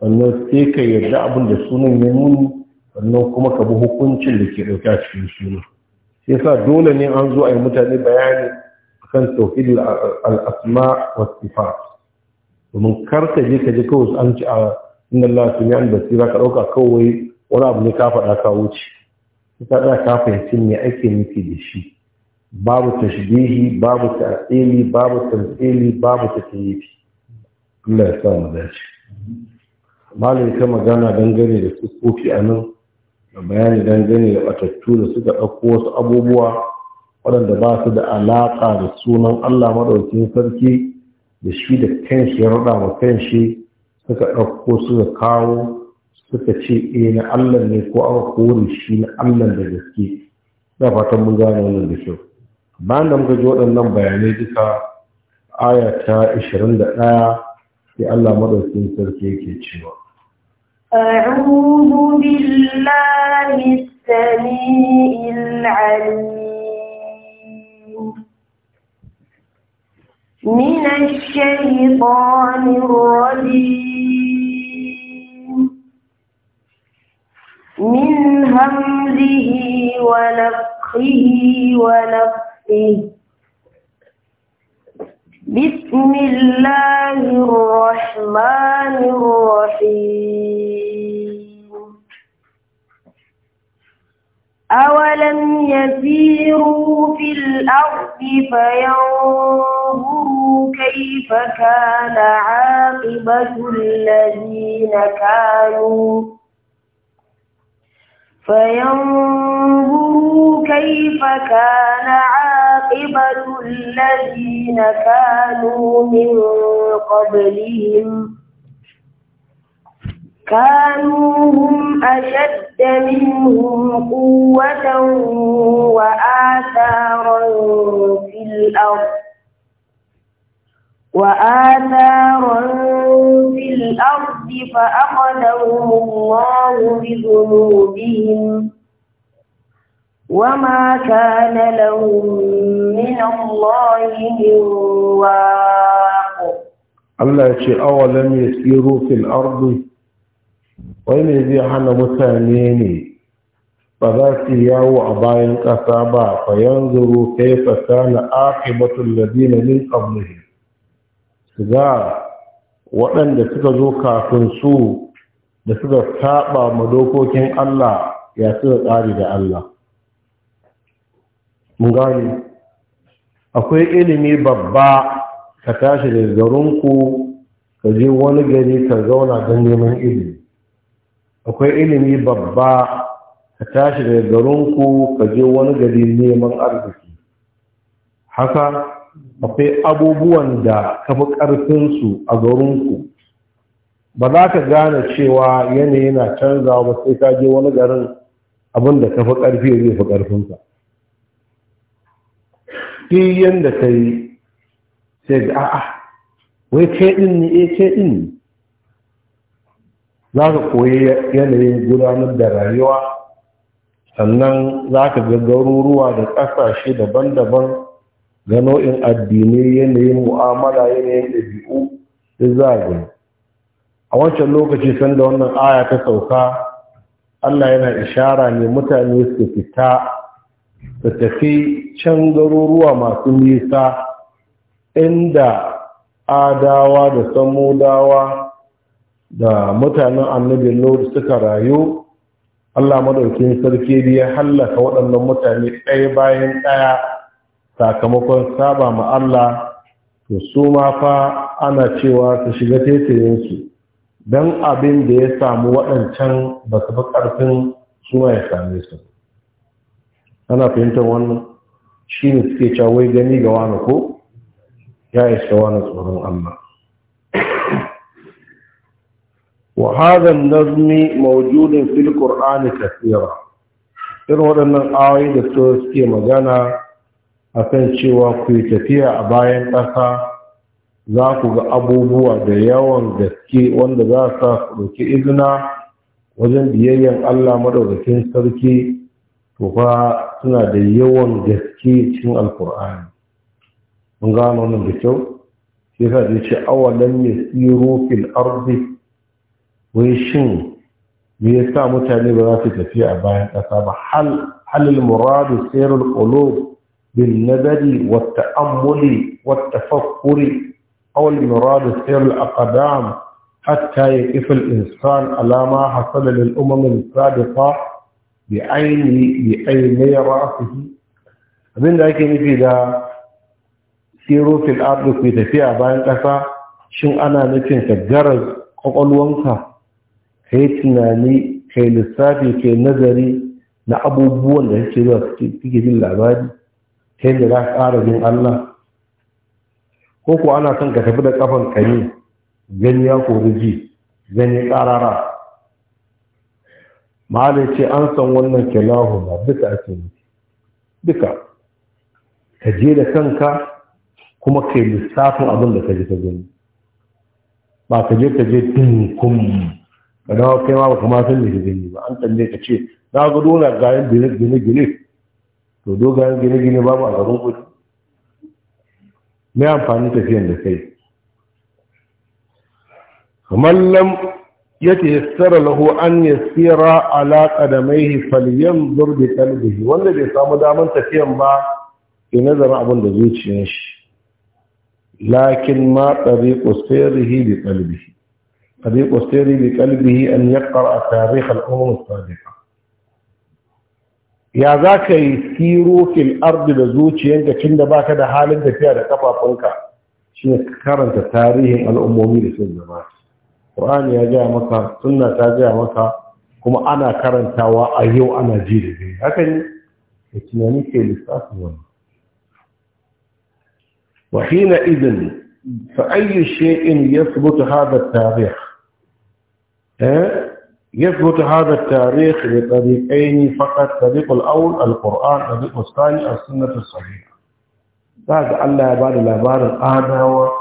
sannan sai ka yarda abin da sunan ya nuni sannan kuma ka bi hukuncin da ke ɗauki a cikin sunan sai sa dole ne an zo a yi mutane bayani kan tauhid al-asma wa sifat domin kar ka je ka je kawai an ci a inda Allah su an basira ka ɗauka kawai wani abu ne ka faɗa ka wuce sai ka ka fahimci me ake nufi da shi babu tashbihi babu ta'ili babu tamthili babu takyifi Allah ya sa mu dace malai ta magana dangane da sukofi a nan da bayani dangane da batattu da suka ɗauko wasu abubuwa waɗanda ba su da alaƙa da sunan Allah maɗaukin sarki da shi da kanshi ya raɗa ma kanshi suka ɗauko suka kawo suka ce e na Allah ne ko aka kore shi na Allah da gaske da fatan mun gane wannan da kyau bayan da muka ji waɗannan bayanai duka aya ta 21 sai Allah madaukakin sarki yake cewa أعوذ بالله السميع العليم من الشيطان الرجيم من همزه ونفخه ونفخه بسم الله الرحمن الرحيم أولم يسيروا في الأرض فينظروا كيف كان عاقبة الذين كانوا فينظروا كيف كان عاقبة عاقبة الذين كانوا من قبلهم كانوا هم أشد منهم قوة وآثارا في الأرض وآثارا في الأرض فأخذهم الله بذنوبهم وما كان لهم من الله من واق Allah ya ce awalan ya tsiro fil ardi wai ne zai hana mutane ne ba za su yawo a bayan ƙasa ba fa yanzuru kaifa kana aqibatul ladina min qablihim ga waɗanda suka zo kafin su da suka taɓa ma dokokin Allah ya suka ƙari da Allah mun akwai ilimi babba ka tashi da garinku ka je wani gari ka zauna don neman ilimi akwai ilimi babba ka tashi da garinku ka je wani gari neman arziki haka akwai abubuwan da ka fi ƙarfinsu a garinku ba za ka gane cewa yanayi na canzawa ba sai ka je wani garin abinda da ka fi ƙarfi zai fi ƙarfinsa fi yanda ka yi sai ga a'a wai ke ɗin ne eh ke ɗin ne za ka koyi yanayin gudanar da rayuwa sannan za ka ga garuruwa da ƙasashe daban-daban ga nau'in addinai yanayin mu'amala yanayin ɗabi'u da za a gani a wancan lokaci sanda wannan aya ta sauka Allah yana ishara ne mutane su fita da tafi can garuruwa masu nisa inda adawa da samodawa da mutanen annabin lori suka rayu allah madaukin sarki ya hallaka waɗannan mutane ɗaya bayan ɗaya sakamakon saba ma allah to su ma fa ana cewa su shiga tetayensu don abin da ya samu waɗancan ba su fi ƙarfin suna ya same su ana fahimtar wannan shi ne suke cawai gani ga wani ko ya isa wani tsoron Allah wa hadan nazmi mawjudun fil qur'ani kathira irin waɗannan ayoyi da suke magana akan cewa ku yi tafiya a bayan ƙasa za ku ga abubuwa da yawan gaske wanda za su ɗauki izina wajen biyayyen Allah madaukakin sarki to fa suna da yawan gaske cikin alkur'ani mun gano wannan da kyau sai sa da ce awalan ne tsiro fil arzi wai shin me yasa mutane ba za su tafi a bayan ƙasa ba hal halil muradu sayrul qulub bin nadari wa ta'ammuli wa tafakkuri aw muradu sayrul aqdam hatta ya al insan alama ma hasala lil bi ainihi bi ainihi ra'sihi abin da ake nufi da siro fil ardi fi tafiya bayan ƙasa shin ana nufin ka gara kwakwalwanka ka yi tunani ka yi lissafi ka yi nazari na abubuwan da yake zuwa kake jin labari ta yadda za ka ƙara jin Allah ko ko ana son ka tafi da kafan ka ne gani ya kori ji gani ƙarara mahala ce an san wannan kilahu na duka ake duka ka je da kanka kuma ka yi lissafin abin da ka ji ta gani ba ka je ka je dinkun ka dawo kai ma ba kuma san da gani ba an tambaye ka ce na ga gudu na gayan gine gine to dogayen gine gine babu a garin kudi me amfani tafiyan da kai kamar lam yatayassara lahu an yassira ala qadamaihi falyanzur bi qalbihi wanda bai samu daman tafiyan ba ya nazara abin da zuciyar shi lakin ma tariqu sirrihi bi qalbihi tariqu sirrihi bi qalbihi an yaqra tarikh al-umam as-sadiqa ya zaka yi siro fil ardi da zuciyar ka da baka da halin tafiya da kafafunka shi ne karanta tarihin al'ummomi da sun zama Qur'ani ya ga maka sunna ta ga maka kuma ana karantawa a yau ana ji da gani haka ne da tunani ke lissafin wa hina idan fa ayyu shay'in yathbutu hadha hada tarikh eh hada يثبت هذا التاريخ بطريقين فقط طريق الأول القرآن sunna الثاني sahiha الصحيحة Allah ya bada labarin adawa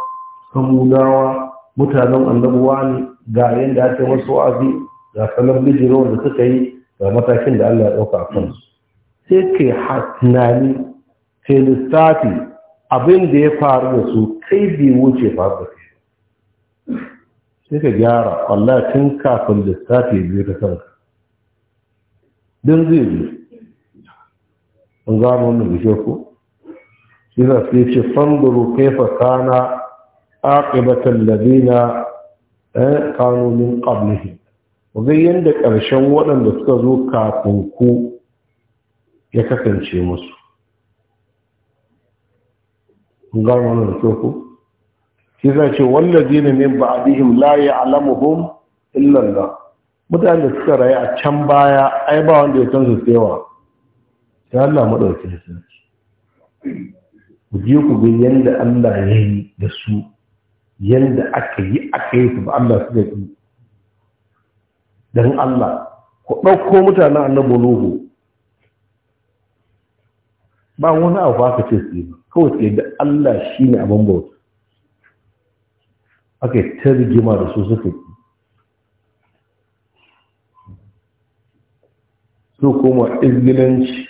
ثموداوة mutanen annabuwa ne ga yadda ake masu wa'azi ga salon bijiro da suka yi ga matakin da Allah ya ɗauka a kansu sai ke tunani ke lissafi abin da ya faru da su kai bi wuce faru da sai ka gyara Allah tun kafin lissafi biyu ta kanka don zai zai an gano wani da ku shi za ce fandoro kai kana عاقبة الذين كانوا من qablihi ga yanda ƙarshen waɗanda suka zo kafin ku ya kasance musu gano wannan da ku من بعدهم لا يعلمهم min الله la mutanen da suka rayu a can baya ai ba wanda ya san su tsewa sai Allah madaukakin sarki ku je ku ga yanda Allah ya yi da su yanda aka yi aka yi su ba Allah su don Allah ku ɗauko mutanen annabi Nuhu ba wani abu ba ka ce su yi kawai sai da Allah shi ne abin bauta aka yi ta rigima da su suka yi su kuma izgilanci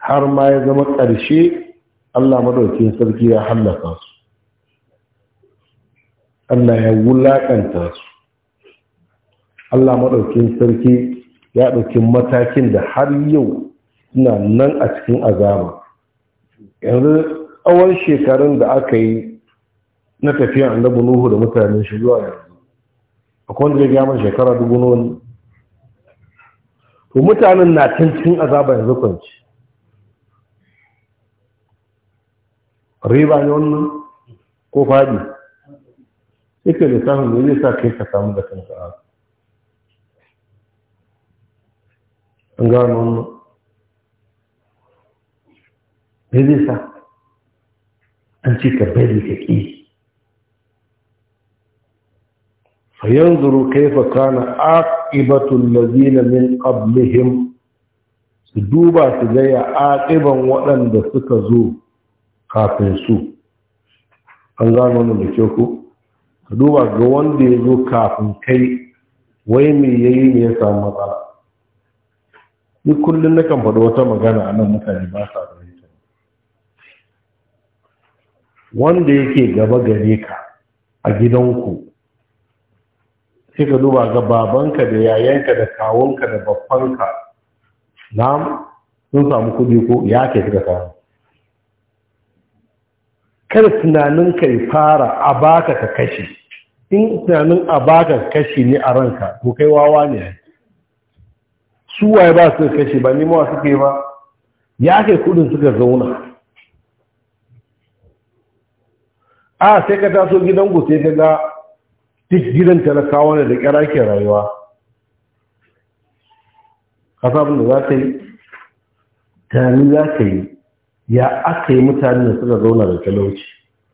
har ma ya zama ƙarshe Allah madaukin sarki ya hallaka su Allah ya wulaƙanta su Allah maɗaukin sarki ya ɗauki matakin da har yau suna nan a cikin azama yanzu tsawon shekarun da aka yi na tafiya annabi nuhu da mutanen shi zuwa yanzu a wanda ya gama shekara dubu noni to mutanen na can cikin azaba yanzu kwanci riba ne wannan ko fadi sai da samu ne zai sa kai ka samu da kanka a an gano wannan me zai sa an ce ka bari ka ƙi فينظر كيف كان عاقبة lazina min قبلهم su duba su gaya aƙiban waɗanda suka zo kafin su an gano da kyau ku. ka duba ga wanda ya zo kafin kai wai mai yayi ne ya samu matsala ni kullum na kan faɗi wata magana a nan mutane ba sa fahimta wanda yake gaba gare ka a gidanku sai ka duba ga babanka da yayanka da kawunka da babbanka na sun samu kuɗi ko ya ke suka samu kada tunanin ka yi fara a baka ka kashe in tunanin a baka ka kashe ne a ranka to kai wawa ne su waye ba su kashe ba nemawa suke ba ya kai kudin suka zauna a sai ka taso gidan ku sai ga duk gidan talakawa ne da kira ke rayuwa kasabin da za ta yi tani za ta yi ya aka yi mutane da suka zauna da talauci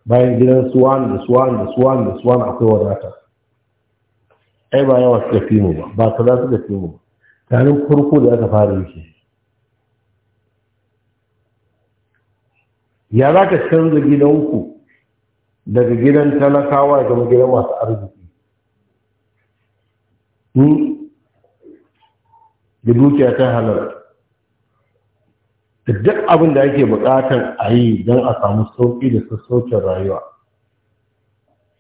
bayan gidan suwan da suwan da suwan da suwan akwai wadata ai ba yawa suka fi mu ba ba su suka fi mu ba tarin farko da aka fara yake ya za ka canza gidanku daga gidan talakawa ga gidan masu arziki hmm? da dukiya ta halar da duk abin da ake buƙatar a yi don a samu sauƙi da sassaucin rayuwa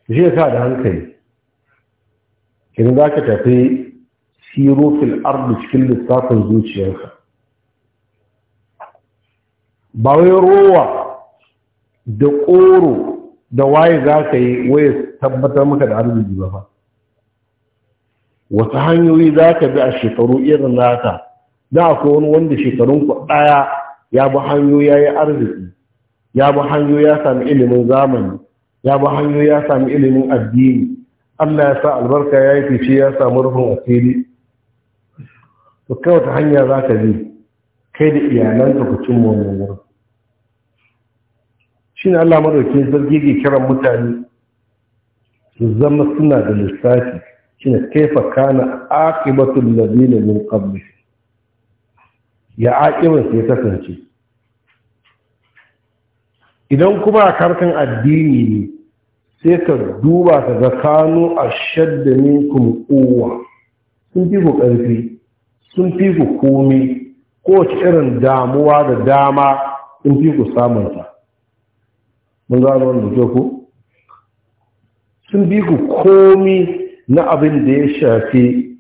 shi sa da hankali kin za ka tafi siro fil ardu cikin lissafin zuciyarka ba wai rowa da ƙoro da waye za ka yi waye tabbatar maka da arziki ba ba wasu hanyoyi za ka bi a shekaru irin nata da akwai wani wanda shekarun ku ɗaya ya bi hanyo ya yi arziki ya bi hanyo ya sami ilimin zamani ya bi hanyo ya sami ilimin addini Allah ya sa albarka ya yi fice ya samu rufin asiri to kai wata hanya za ka bi kai da ka ku cin wannan shi ne Allah madaukin zargi ke kiran mutane su zama suna da lissafi shi ne kaifa kana aqibatul ladina min qablihim ya aƙibar ya kasance idan kuma a karkan addini ne sai ka duba ka ga kano a shadda kowa sun fi ku ƙarfi sun fi ku komi kowace irin damuwa da dama sun fi ku samunta mun zama wanda ke ku sun fi ku komi na abin da ya shafi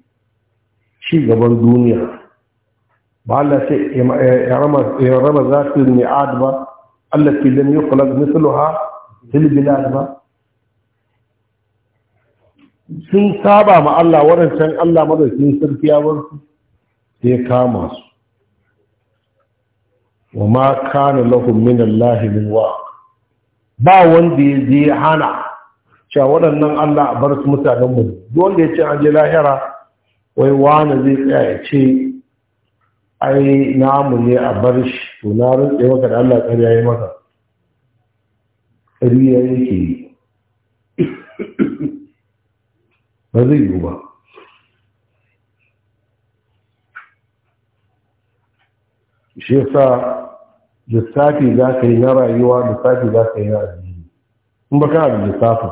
ci gaban duniya ba Allah sai ya rama zafin ni'ad ba Allah fi lam yuqlaq mithluha fil bilad ba sun saba ma Allah waɗancan Allah madaukakin sarki ya bar su sai kama su wa ma kana lahum min Allah min wa ba wanda ya je hana cewa waɗannan Allah a bar su mutanen mu wanda ya ce an je lahira wai wani zai tsaya ya ce ai namu ne a bar shi to na rike maka da Allah ƙarya yi maka ya yake yi ba zai yi ba shi yasa lissafi za ka yi na rayuwa lissafi za ka yi na addini in ba kana da lissafin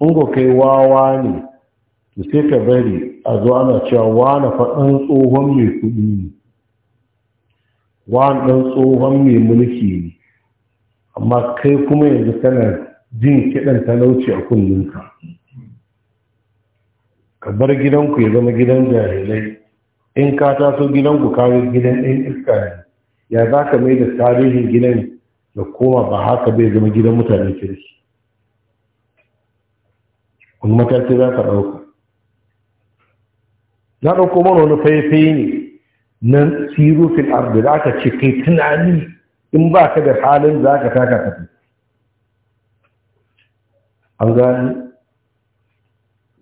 in ko kai wawa ne to sai ka bari a zuwa ana cewa wani faɗin tsohon mai kuɗi ne wani ɗan tsohon mai mulki ne amma kai kuma yanzu kana jin kiɗan talauci a kullunka ka bar gidanku ya zama gidan jahilai in ka taso gidanku kawo gidan ɗan iska ne ya za ka mai da tarihin gidan da koma ba haka bai zama gidan mutane kirki wani mataki za ka ɗauka na ɗauko mana wani faifai ne nan siru fil ardi za ka ce kai tunani in ba ka da halin za ka taka tafi an gani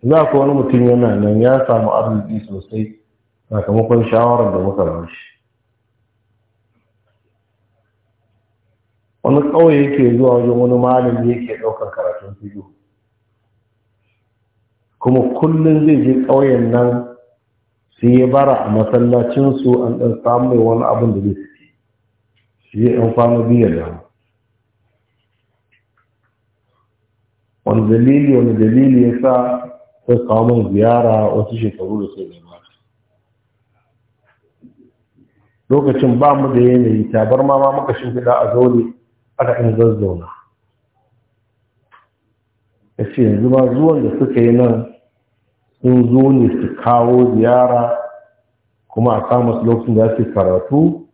za ka wani mutum yana nan ya samu arziki sosai sakamakon shawarar da muka ba shi wani kawai yake zuwa wajen wani malami yake ɗaukar karatun fiyo kuma kullum zai je ƙauyen nan sai ya bara a masallacinsu an ɗan samu mai wani abin da zai fi shi ya ɗan fama biya da wani dalili wani dalili ya sa sai kawo min ziyara wasu shekaru da sai nema lokacin ba mu da yanayi tabar ma ma muka shimfiɗa a zaune aka in zazzauna ya ce yanzu ma zuwan da suka yi nan sun zo ne su kawo ziyara kuma a samu su lokacin da su karatu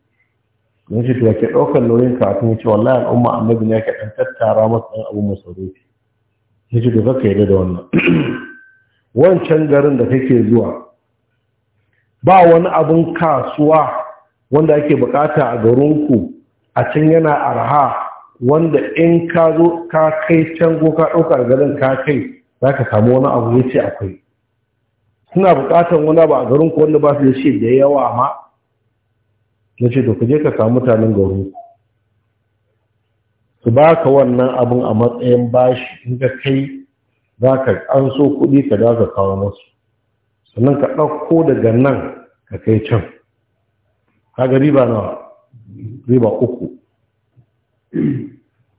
don shi tuwa ke ɗaukar nauyin karatun ya ce wallahi al'umma annabi ne ke ɗan tattara masu ɗan abu rufi ya ce da ka yi da wannan wancan garin da kake zuwa ba wani abin kasuwa wanda ake bukata a garinku a can yana arha wanda in ka zo ka kai can ko ka ɗaukar garin ka kai za ka samu wani abu ya ce akwai suna buƙatar wani ba a garin ku wanda ba su da shi da yawa ma na ce to ku je ka samu mutanen garin su ba ka wannan abin a matsayin bashi in ka kai za ka an so kuɗi ka za ka kawo masu sannan ka ɗauko daga nan ka kai can kaga riba na riba uku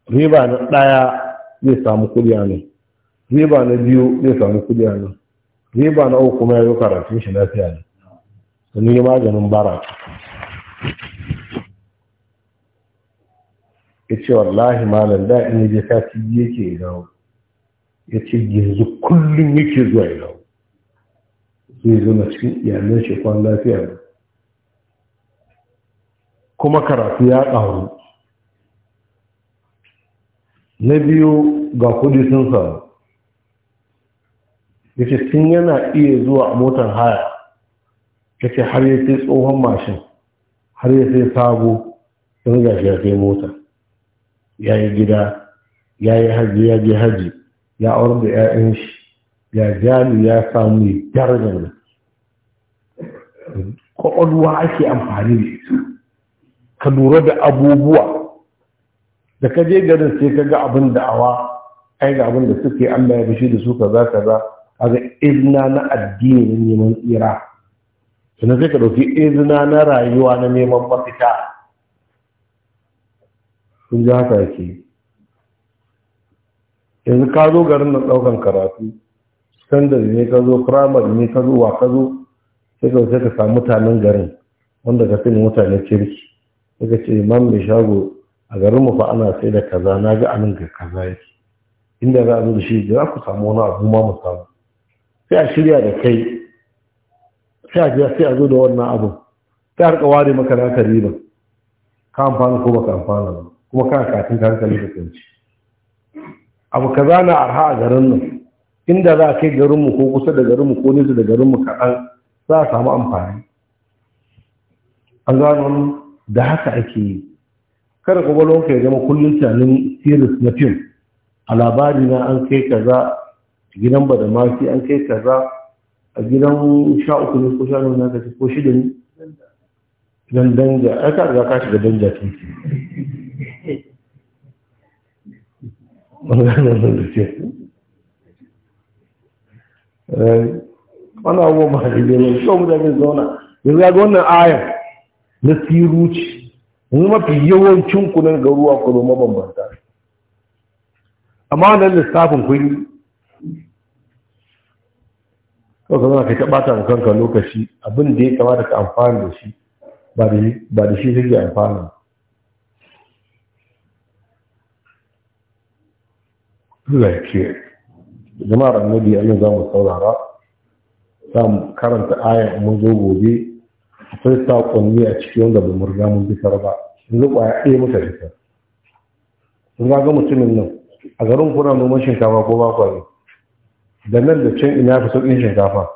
riba na ɗaya zai samu kuɗi a nan riba na biyu zai samu kuɗi a nan zai na uku ya yi karatun shi lafiya ne sun yi maganin bara ya ce wallahi malam da in je sati yake ya dawo ya ce yanzu kullum yake zuwa ya zai zo na cikin iyalan shi kwan lafiya kuma karatu ya ƙaru na biyu ga kudi sun samu yake yana iya zuwa a motar haya ya ce har ya sai tsohon mashin har ya sai sabo don gashi ya sai mota ya yi gida ya yi haji ya je haji ya aure da 'ya'yan shi ya jami ya samu da kwakwalwa ake amfani da su ka lura da abubuwa da ka je garin sai ka ga abin da'awa ai ga abin da suke Allah ya bishi da su kaza kaza kaga izina na addini na neman tsira sannan sai ka ɗauki izina na rayuwa na neman mafita sun ji haka yake yanzu ka zo garin na ɗaukan karatu standard ne ka zo firamare ne ka zo wa ka zo sai ka sai ka samu mutanen garin wanda ka fi mutane kirki sai ka ce imam mai shago a garin mu fa ana sai da kaza na ga anan ga kaza yake inda za a zo da shi za ku samu wani abu ma mu samu sai a shirya da kai sai a jiya sai a zo da wannan abu sai a rika ware maka naka riba ka amfana ko baka amfana ba kuma ka katin ka hankali da kanci abu kaza na arha a garin nan inda za a kai garinmu ko kusa da garinmu ko nesa da garinmu kaɗan za a samu amfani an gano da haka ake yi kada kwakwalwanka ya zama kullum tunanin series na fim a labari na an kai kaza gidan ba da mafi an kai kaza a gidan sha uku ne ko sha nuna ka ko shida ne gidan danja ai ka riga ka shiga danja tun eh, wani abuwa shi ne so da zauna yanzu ya ga wannan aya na siruci yanzu mafi yawancin kunan garuwa kuma mabambanta amma nan lissafin kun kawai ka zama ka taɓa da kanka lokaci abin da ya kamata ka amfani da shi ba da shi zai amfani Allah ya ce jama'ar annabi a yau za mu saurara za mu karanta aya mun zo gobe akwai saƙonni a cikin wanda ba mu riga mun fitar ba yanzu ƙwaya ɗaya muka fitar sun ga mutumin nan a garin kuna noman shinkafa ko ba da nan da can ina fi sauƙin shinkafa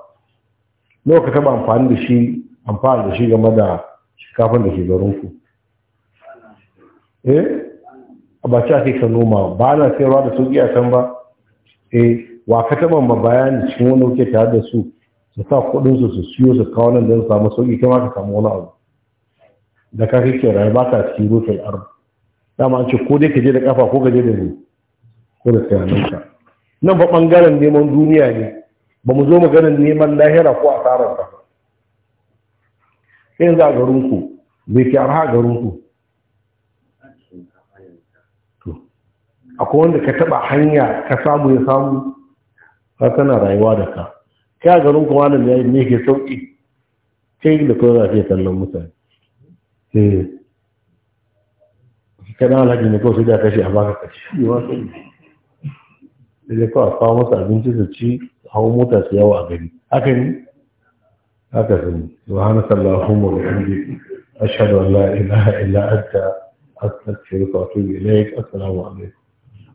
nawa ka taɓa amfani da shi amfani da shi game da shinkafan da ke garinku eh ba ci ake kan noma ba na sayarwa da sauƙi a can ba eh wa ka taɓa ma bayani cikin wani wuce tare da su su sa kuɗinsu su siyo su kawo nan don su samu sauƙi kama ka samu wani abu da ka kake rayu ba ka cikin rufin arba dama an ce ko dai ka je da kafa ko ka je da ni ko da tsayaninka nan ba ɓangaren neman duniya ne ba mu zo ganin neman lahira ko asarar ba ɗin yanzu a garinku bai fi arha a garinku akwai wanda ka taɓa hanya ka samu ya samu ka tana rayuwa da ka kai a garinku wani ya yi ne ke sauƙi yi da kawai zafi ka kallon mutane eh kana alhaji ne kawai sai da kashi a baka kashi yi wasu da zai kawai kawo masu abinci su ci hau mota su yawa a gari haka ne haka sun hana sallahu wa bihamdi ashhadu an la ilaha illa anta astaghfiruka wa atubu ilaik assalamu alaikum